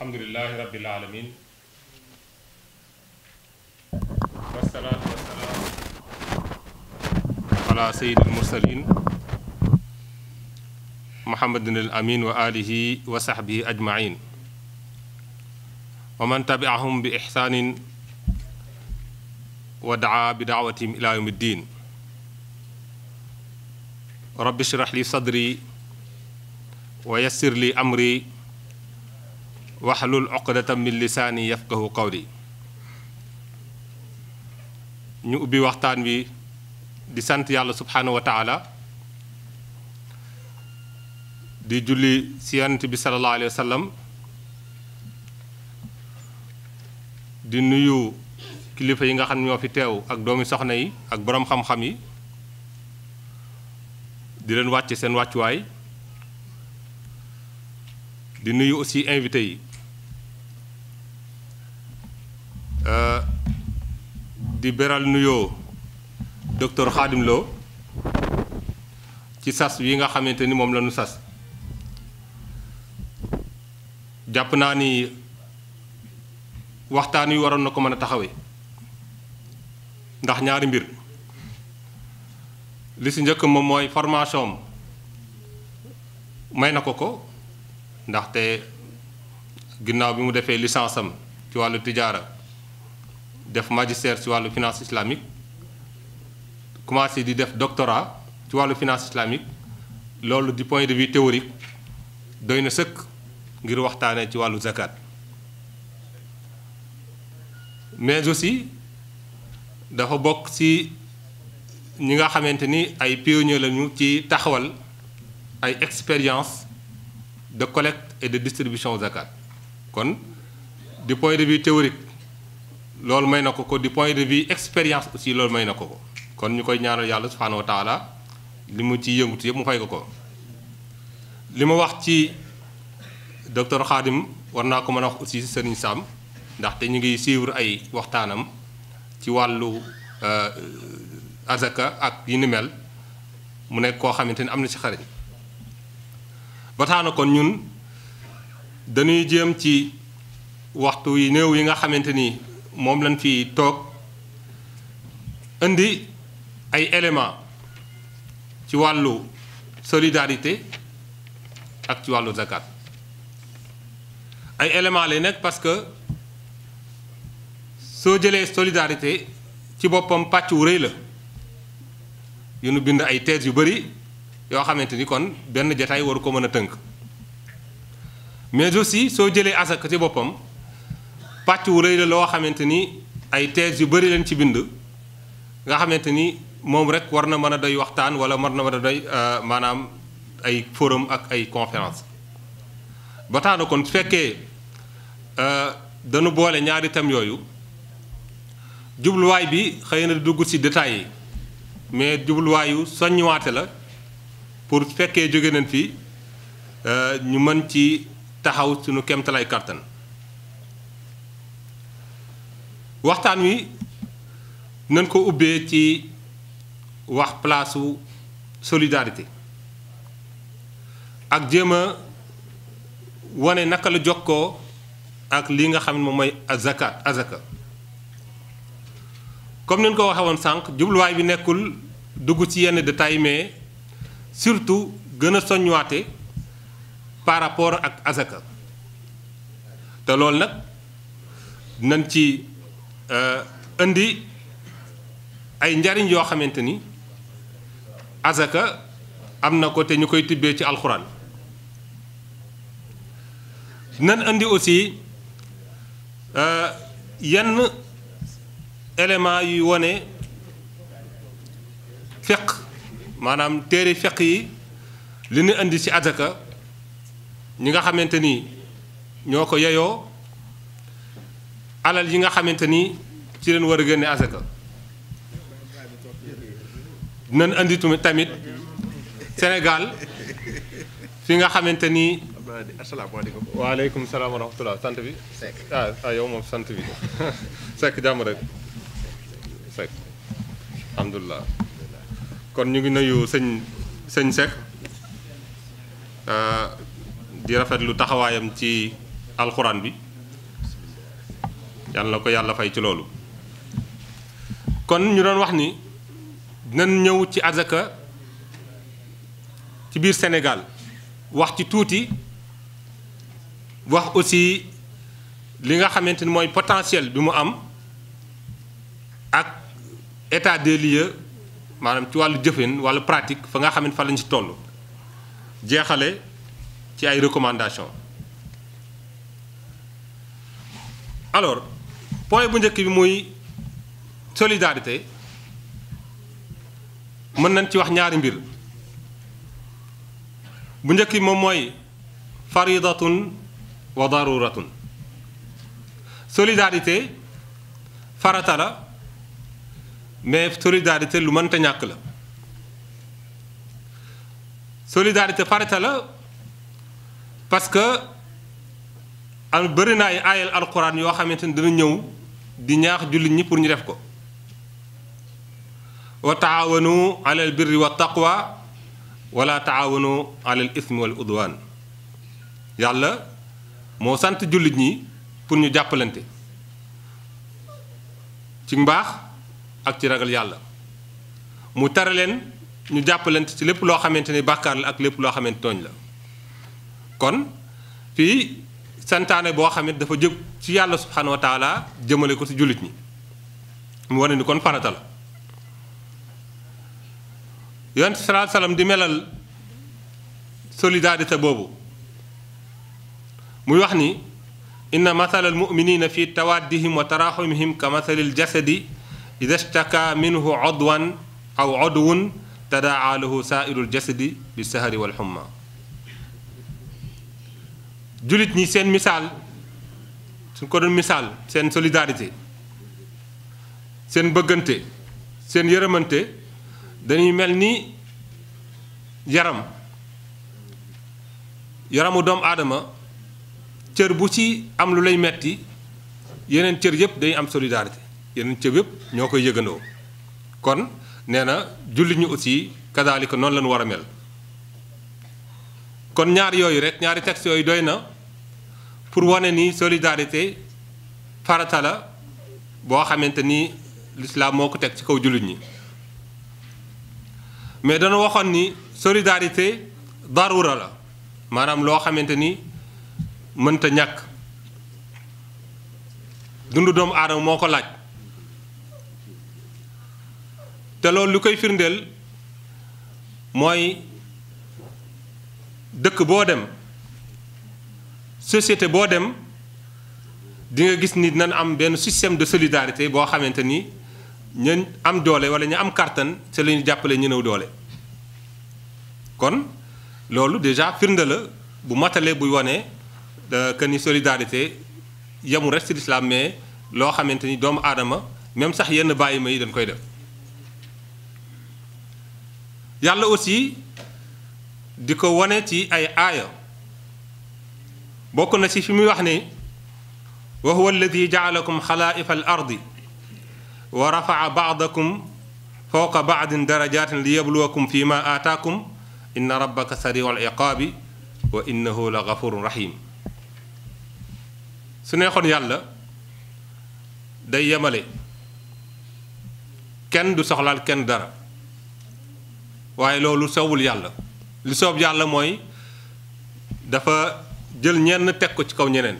alhamdulilahi rabbil alamin wasalaatu wasalaam ala sayyidil mursalin muhammadin al amin wa alihi wa sahbihi ajmain wa man tabiahum bi ihsanin wa daa bi daawatihim ila yawmi ddin rabbi shrah li sadri wa yassir li amri waxlul uqdatam min lisaani kaw qawli ñu ubbi waxtaan wi di sant yàlla subhaanahu wa taala di julli si yonent bi sallallahu alayhi di nuyu kilifa yi nga xam ñoo fi teew ak doomi soxna yi ak boroom xam-xam yi di leen wàcce seen wàccuwaay di nuyu aussi invité yi di beral nuyoo docteur Khadim Lo ci sas yi nga xamante ni moom lanu sas jàpp naa ni waxtaan wi waroon na ko mën a taxawe ndax ñaari mbir li si njëkk moom mooy formation may na ko ko ndaxte ginnaaw bi mu defee licence am ci wàllu tijaara def magistère ci wàllu finance islamique commencé di def doctorat ci wàllu finance islamique loolu di point de vue théorique doy na sëkk ngir waxtaanee ci wàllu zakat mais aussi dafa bokk si ñi nga xamante ni ay pionniers lañu ci taxawal ay expérience de collecte et de distribution zakat kon di point de vue théorique loolu may na ko ko du point de vue expérience aussi loolu may na ko ko kon ñu koy ñaanal yàlla subhaanahu wa li mu ci yëngutu yëpp mu fay ko ko li ma wax ci docteur Khadim war naa ko mën a wax aussi Serigne Sam ndaxte ñu ngi suivre ay waxtaanam ci wàllu euh, azaka ak yi mel mu nekk koo xamante ni am na ci xarañ ba kon ñun dañuy jéem ci waxtu yi néew yi nga xamante ni moom lañ fi toog indi ay éléments ci wàllu solidarité ak ci wàllu zakat ay éléments lay nekk parce que soo jëlee solidarité ci boppam pàcc wu rëy la yu nu bind ay thèses yu bëri yoo xamante ni kon benn jataay waru ko mën a tënk mais aussi soo jëlee asaka ci boppam. pàcc wu rëy la loo xamante ni ay thèses yu bëri leen ci bind nga xamante ni moom rek war na mën a doy waxtaan wala mën na mën a doy euh, maanaam ay forum ak ay conférence ba tax na kon su fekkee euh, dañu boole ñaari thèmes yooyu jubluwaay bi xëy na dugg ci détails yi mais jubluwaayu soññuwaate la pour fekkee jóge nañ fii euh, ñu mën ci taxaw suñu kemtalaay kàttan waxtaan wi nañ ko ubbee ci wax palaasu solidarité ak jéem a wane naka la jokkoo ak li nga xam ne moom mooy azaka azaka comme nañ ko waxe woon sànq jubluwaay bi nekkul dugg ci yenn détails mais surtout gën a soññuwaate par rapport ak azaka te loolu nag nañ ci Euh, indi ay njariñ yoo xamante ni azaka am na ko te ñu koy tibbee ci alxuraan nan indi aussi euh, yenn élément yu wane fiq maanaam téere fiq yi li ñu indi si azaka ñi nga xamante ni ñoo ko yeyoo alal yi nga xamante ni ci leen war a génne asaka dinañ andi tamit Sénégal fi nga xamante ni. asalaamaaleykum. waaleykum salaam wa sant bi. Ah, ah yow moom sant bi Seck jàmm rek Seck alhamdulilah. kon ñu ngi nuyu sëñ sëñ Seck ah, di rafetlu taxawaayam ci alxuraan bi. yàlla na ko yàlla fay ci loolu kon ñu doon wax ni dinañ ñëw ci azaka ci biir Sénégal wax ci tuuti wax aussi li nga xamante ni mooy potentiel bi mu am ak état des lieux maanaam ci wàllu jëfin wàllu pratique fa nga xamante fa lañ ci toll jeexale ci ay recommandation alors point bu njëkk bi muy solidarité mën nañ ci wax ñaari mbir bu njëkk bi moom mooy faridatun wa daruratun solidarité farata la mais solidarité lu mënta ñàkk la solidarité farata la parce que am bëri na ay aayal alquran yoo xamante ni dana ñëw di ñaax jullit ñi pour ñu def ko wa taawanu alal birri wa taqwa wala taawanu alal ismi wal udwan yàlla moo sant jullit ñi pour ñu jàppalante ci mbaax ak ci ragal yàlla mu tare leen ñu jàppalante ci lépp loo xamante ni bàkkaar la ak lépp loo xamante tooñ la kon fii santaane boo xamante dafa jëg ci yàlla subhanahu wa jëmale ko ci jullit ñi mu wane ni kon farata la yonent sallallahu alayhi di melal solidarité boobu mu wax ni inna masalal muminina fi tawaddihim wa taraxumihim ka masalil jasadi ida shtaka minhu odwan aw odwun tadaa lahu saairul jasadi bi sahari wal xumma seen misaal suñ ko doon misaal seen solidarité seen bëggante seen yërëmante dañuy mel ni yaram yaramu doomu aadama cër bu ci am lu lay metti yeneen cër yëpp dañuy am solidarité yeneen cër yëpp ñoo koy yëgandoo kon nee na jullit ñu aussi kadaalika noonu la ñu war a mel kon ñaar yooyu rek ñaari textes yooyu doy na. pour wane ni solidarité farata la boo xamante ni l'islam moo ko teg ci kaw jullit ñi mais dana waxoon ni solidarité darura la maanaam loo xamante ni mënta ñàkk dundu doomu aadama moo ko laaj te loolu lu koy firndeel mooy dëkk boo dem société boo dem dinga gis ni dinañ am benn système de solidarité boo xamante ni ñu am doole wala ñu am kàttan ci la jàppale ñu néew doole kon loolu déjà firnde bu matale buy wane euh, que ni solidarité yemul rek ci lislaam mais loo xamante ni doomu aadama même sax yenn bàyyi ma yi dañ koy def yàlla aussi di ko wane ci ay aaya bokk na ci fi muy wax ne wa huwa alladi jaalakum xalaa'ifa al ardi wa rafaa baadakum fawqa baadin darajatin li yabluwakum fi ma aataakum inna rabbaka sariu al iqaabi wa innahu la gafurun rahim su neexoon yàlla day yemale kenn du soxlaal kenn dara waaye loolu sowul yàlla lu soob yàlla mooy dafa jël ñenn teg ko ci kaw ñeneen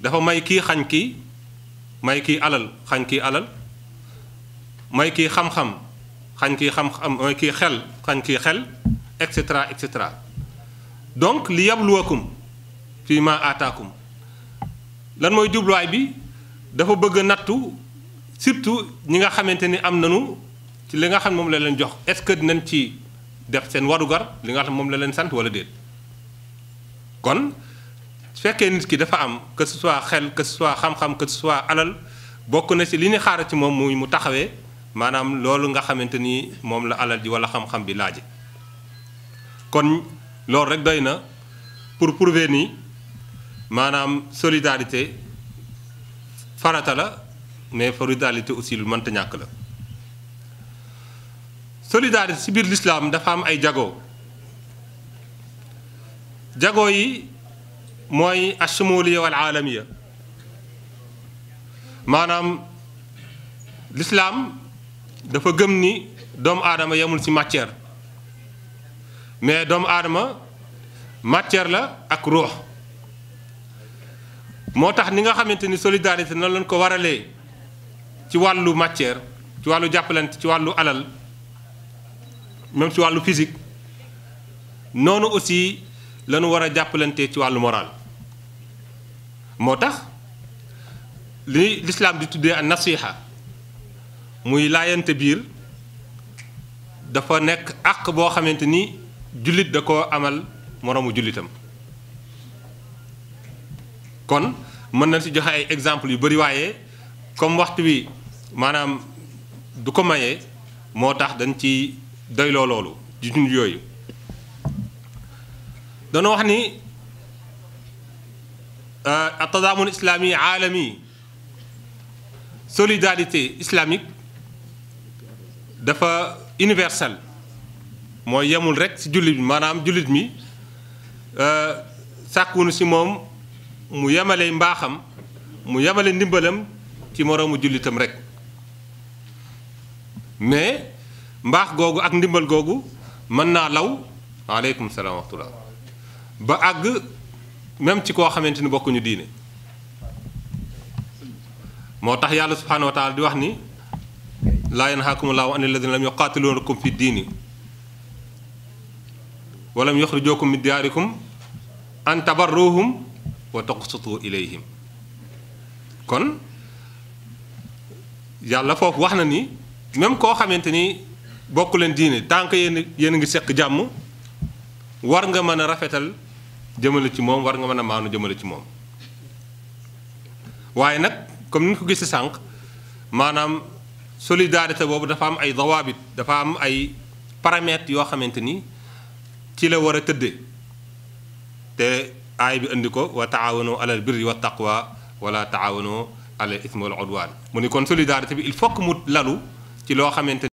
dafa may kii xañ kii may kii alal xañ kii alal may kii xam-xam xañ kii xam-xam may kii xel xañ kii xel et cetera et cetera donc li yabluwakum fii ma aataakum lan mooy jubluwaay bi dafa bëgg nattu surtout ñi nga xamante ni am nañu ci li nga xam moom la leen jox est-ce que dinañ ci def seen warugar li nga xam moom la leen sant wala déet. kon su fekkee nit ki dafa am que ce soit xel que ce soit xam-xam que ce soit alal bokk na ci li ñu xaar ci moom muy mu taxawee maanaam loolu nga xamante ni moom la alal ji wala xam-xam bi laaje kon loolu rek doy na pour prouver ni maanaam solidarité farata la mais solidarité aussi lu mënta ñàkk la solidarité ci biir l'islam dafa am ay jago jago yi mooy ashumuliya wal aalamiya maanaam lislaam dafa gëm ni doomu aadama yamul ci matière mais doomu aadama matière la ak ruux moo tax ni nga xamante ni solidarité noonu lañ ko waralee ci wàllu matière ci wàllu jàppalante ci wàllu alal moom ci wàllu fisik noonu aussi lañu war a jàppalantee ci wàllu moral moo tax li lislaam di tuddee ak nasiha muy laayante biir dafa nekk àq boo xamante ni jullit da koo amal moroomu jullitam kon mën na ci joxe ay exemple yu bari waaye comme waxtu wi maanaam du ko mayee moo tax dañ ci doyloo loolu junj yooyu dana wax ni euh, atadaamun islami aalami solidarité islamique dafa universal mooy yemul rek ci jullit bi maanaam jullit mi euh, sàkkunu si moom mu yemale mbaaxam mu yemale ndimbalam ci moroomu jullitam rek mais mbaax googu ak ndimbal googu mën naa law waaleykum salaam wa rahmatullah ba àgg même ci koo xamante ni bokkuñu diine moo tax yàlla subhaanahu wa taala di wax ni laa yanhaakumullahu an alladina lam yuqaatilunakum fi diini walam yuxrijukum min diyaarikum an tabarruhum wa taqsutu ilayhim kon yàlla foofu wax na ni même koo xamante ni bokku leen diine tant que yéen yéen a ngi seq jàmm war nga mën a rafetal jëmale ci moom war nga mën a maanu jëmale ci moom waaye nag comme ni ko gisee sànq maanaam solidarité boobu dafa am ay dawaabit dafa am ay paramètres yoo xamante ni ci la war a tëddee te aay bi indi ko wa taawanoo alal birri wa taqwa wala taawanoo alal ismi wal mu ni kon solidarité bi il faut que mu lalu ci loo xamante